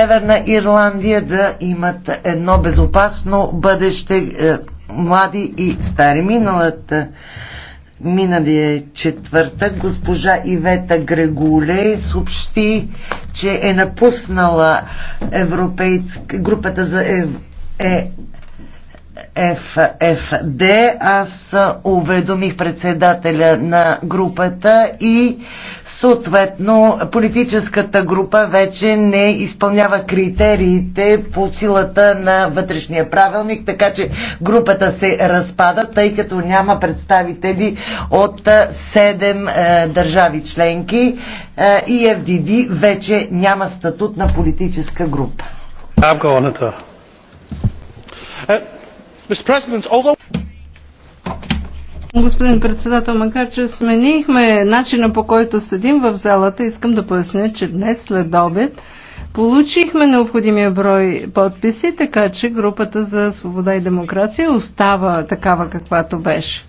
Северна Ирландия да имат едно безопасно бъдеще е, млади и стари. Миналата миналия е четвъртък госпожа Ивета Грегуле съобщи, че е напуснала европейск, групата за ев, е, е Аз уведомих председателя на групата и Съответно, политическата група вече не изпълнява критериите по силата на вътрешния правилник, така че групата се разпада, тъй като няма представители от 7 е, държави членки е, и ФДД вече няма статут на политическа група. Господин председател, макар че сменихме начина по който седим в залата, искам да поясня, че днес след обед получихме необходимия брой подписи, така че групата за свобода и демокрация остава такава каквато беше.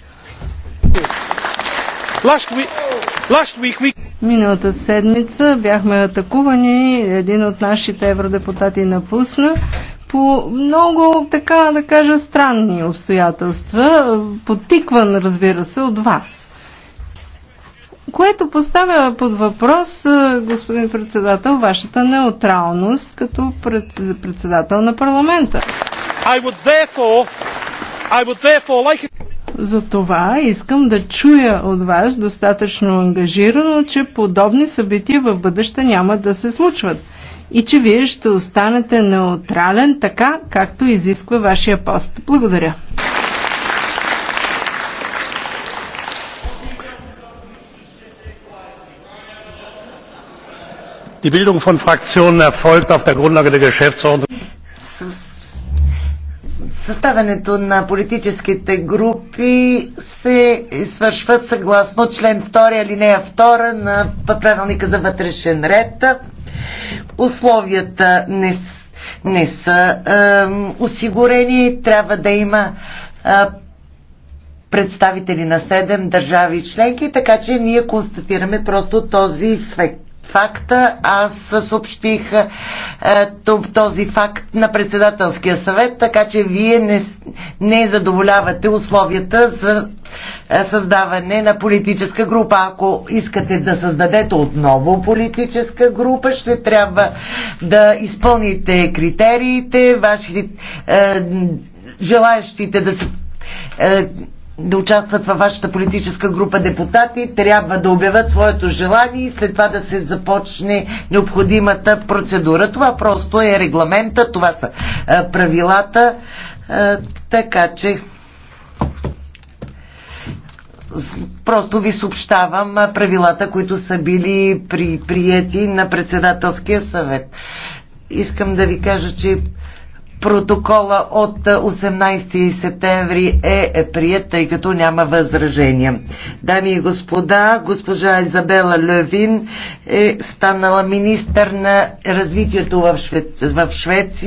Миналата седмица бяхме атакувани, един от нашите евродепутати напусна по много, така да кажа, странни обстоятелства, потикван, разбира се, от вас. Което поставя под въпрос, е, господин председател, вашата неутралност като председател на парламента. I would therefore, I would therefore like it... За това искам да чуя от вас достатъчно ангажирано, че подобни събития в бъдеще няма да се случват – и че вие ще останете неутрален, така както изисква вашия пост. Благодаря. die bildung von fraktionen erfolgt auf der grundlage der geschäftsordnung Съставянето на политическите групи се свършва съгласно член 2 алинея 2 на правилника за вътрешен ред условията не, не са е, осигурени, трябва да има е, представители на 7 държави членки, така че ние констатираме просто този ефект факта. Аз съобщих е, този факт на председателския съвет, така че вие не, не задоволявате условията за е, създаване на политическа група. Ако искате да създадете отново политическа група, ще трябва да изпълните критериите, вашите е, желаящите да се е, да участват във вашата политическа група депутати, трябва да обявят своето желание и след това да се започне необходимата процедура. Това просто е регламента, това са а, правилата. А, така че просто ви съобщавам правилата, които са били при, прияти на председателския съвет. Искам да ви кажа, че Протокола от 18 септември е прият, тъй като няма възражения. Дами и господа, госпожа Изабела Левин е станала министър на развитието в Швеция.